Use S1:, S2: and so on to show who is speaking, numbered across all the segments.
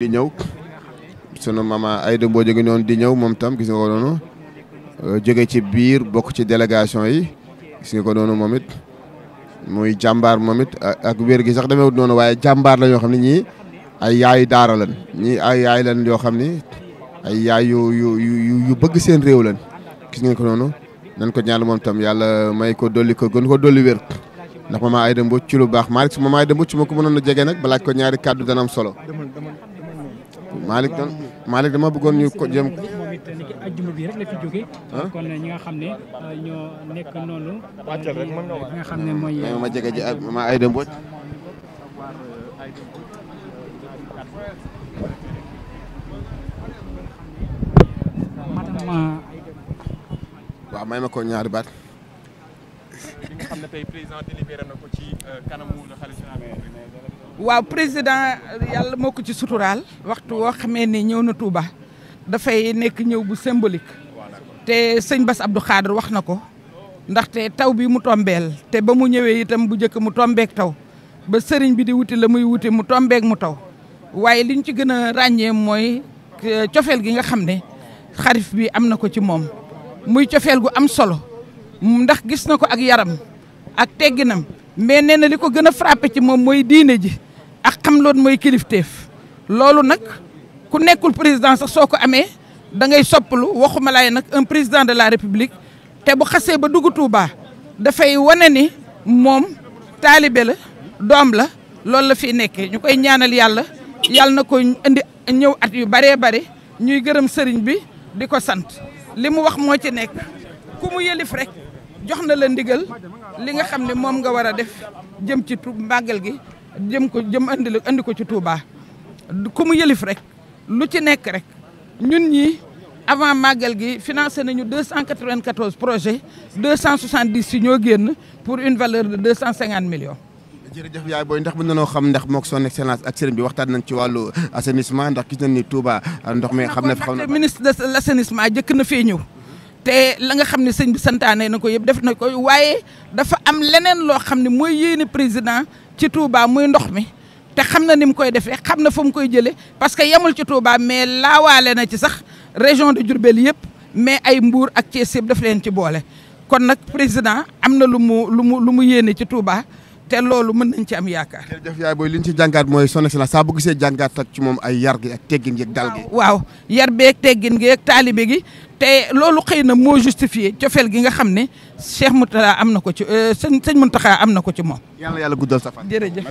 S1: di ñëw sunu ay Aïda boo jóge noonu di ñëw moom tam gis nga ko noonu euh, jóge ci biir bokk ci délégation yi gis nga ko noonu moom it muy jàmbaar moom ak wér gi sax demeewut noonu waaye jàmbaar la ñoo xam ne ñii ay yaay daara ñii ay yaay lan yoo xam ni ay yaay yu yu yu yu bëgg seen réew lan gis nga ko noonu nañ ko ñaan moom tam yàlla may ko dolli ko gën ko dolli wér ndax maman Aïda Mbodj ci lu baax maa ngi si maman dem Mbodj ma ko mënoon a jege nag balaa ko ñaari kàddu danam solo.
S2: Malick dama Malick bëggoon ñu ko jëm. moom it niki rek la fi jóge. kon ñi nga xam ne euh, ñoo nekk noonu. wàccal rek euh, ma jege ji euh, ma ay dem Mbodj.
S1: xam ne tey président na ko euh,
S2: waaw président yàlla moo ko ci suturaal waxtu woo xamee ne ñëw na tuuba dafay nekk ñëw bu symbolique te sëñ Bass Abdou wax na ko ndaxte taw bi mu tombeel te ba mu ñëwee itam bu njëkk mu tombeek taw ba sëriñ bi di wuti la muy wuti mu tombeek mu taw waaye li ñu ci gën a ràññee mooy cofeel gi nga xam ne xarif bi am na ko ci moom muy cofeel gu am solo ndax gis na ko ak yaram ak tegginam mais nee na li ko gën a frappé ci moom mooy diine ji ak xam loolu mooy kilifteef loolu nag ku nekkul président sax soo ko amee da ngay soppalu waxuma laay nag un président de la république te bu xasee ba dugg Touba dafay wane ni moom taalibe la doom la loolu la fi nekke ñu koy ñaanal yàlla yàlla na ko indi ñëw at yu baree bare ñuy gërëm sëriñ bi di ko sant li mu wax moo ci nekk ku mu yëlif rek jox na la ndigal li nga xam ne moom nga war a def jëm ci màggal gi jëm ko jëm andi la ko ci Touba ku mu yëlif rek lu ci nekk rek ñun ñi avant màggal gi financé nañu deux cent quatre-vingt-quatorze projets deux cent soixante-dix si ñoo génn pour une valeur de deux cent
S1: ndax bu nanoo xam ndax mook son excellence ak sëriñ bi waxtaan nañ ci wàllu assainissement ndax gis nañ ni ndox mi xam na fi xam na
S2: ministre de l'assainissement jëkk na fee ñëw te la nga xam ne sëñ bi santaane na ko yëpp def na ko waaye dafa am leneen loo xam ne mooy yéene président ci Touba muy ndox mi te xam na ni mu koy defee xam na fa mu koy jëlee parce que yemul ci Touba mais laawaale na ci sax région de Diourbel yëpp mais ay Mbour ak Thiès yëpp daf leen ci boole kon nag président am na lu mu lu mu lu mu yéene ci Touba te loolu mun nañ ci am yaakaar.
S1: jërëjëf yaay booy li ci jàngaat mooy sonn si la saa bu se jàngaat ak ci moom ay yar gi ak teggin gi ak
S2: waaw yar beeg teggin gi ak gi te loolu xëy na moo justifié cofeel gi nga xam ne Cheikh Mountakha am na ko ci euh, sëñ sëñ Mountakha am na ko ci moom. yàlla yàlla guddal sa fan. jërëjëf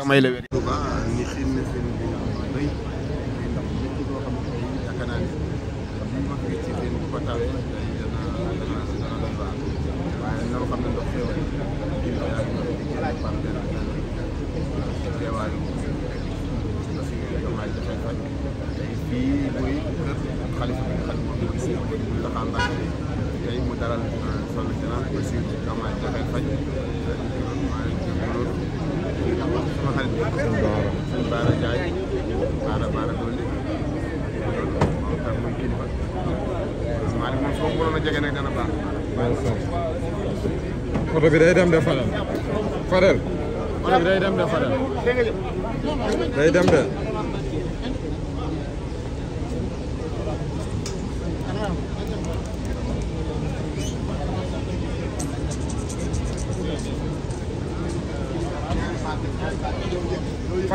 S1: dalal son excellence Bassirou Diomaye Diakhar Faye sama xarit bi sëñ Baara Ndiaye Baara Baara Dolli moom tam muy kilifa maa ngi moom soo ko mënoon a jege nag dana baax. photo bi day dem de Fadel. Fadel.
S2: photo bi day dem de Fadel. day dem de.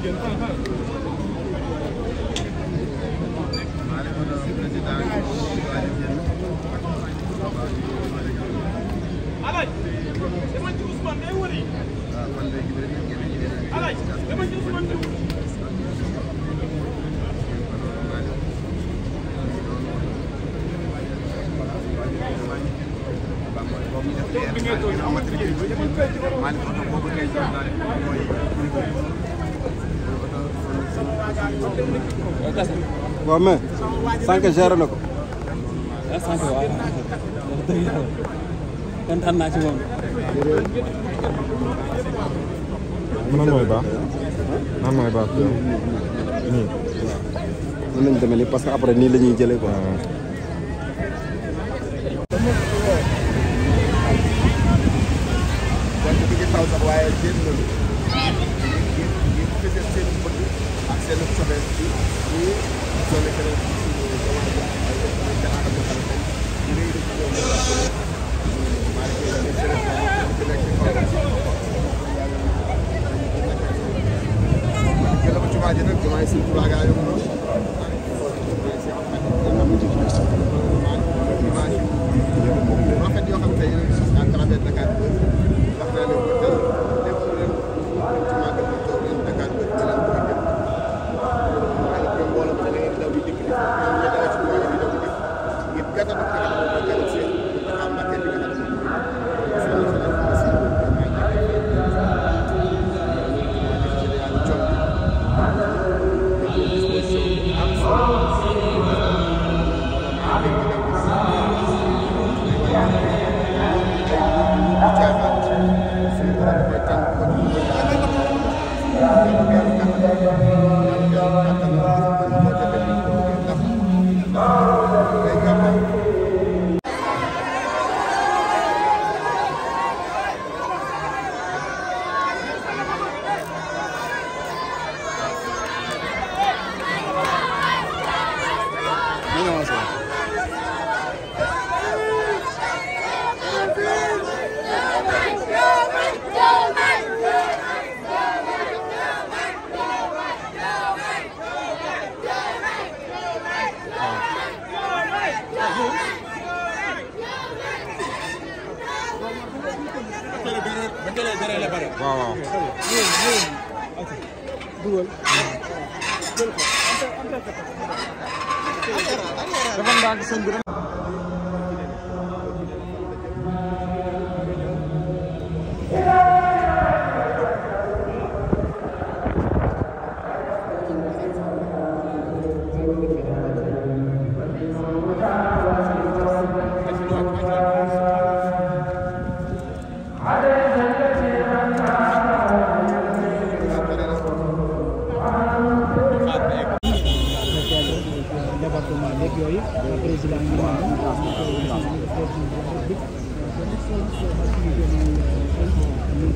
S2: Malik oto boobu ngay jël daal mooy waaw mais sànq géré ko. ah sànq waaw wax
S1: dëgg yàlla kontaan naa ci moom. man mooy baax man mooy baax. parce que après nii la ñuy jëlee quoi. Ah. waaye sobre el sur y sobre el
S2: dugal jël ko dafa ndànk sëñ bi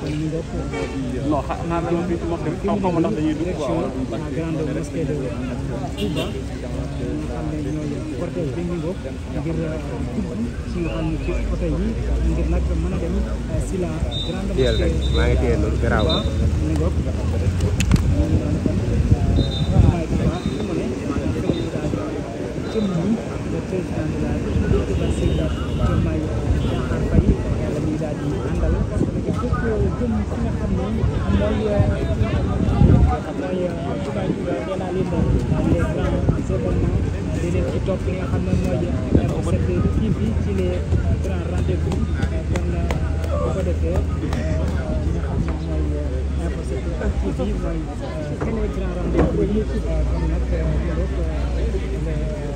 S2: non xa naa ne fii ci mosquée bi xaw xaw ma ndax dañuy dugg waaw wala duñu bàq bi grande mosquée de Touba nga xam ne ñooy cortège bi ngir ci nga xam ne ci oto yi ngir nag mën a dem si la grande mosquée maa ngi téye loolu garaaw jëm ci nga xam ne mooy euh, mooy couverture euh, générale les grands événements di leen euh, ci topp li nga xam ne mooy cette TV ci les grands rendez-vous kon bu ko defee li nga xam ne mooy cette TV mooy les grands rendez-vous yi kon nag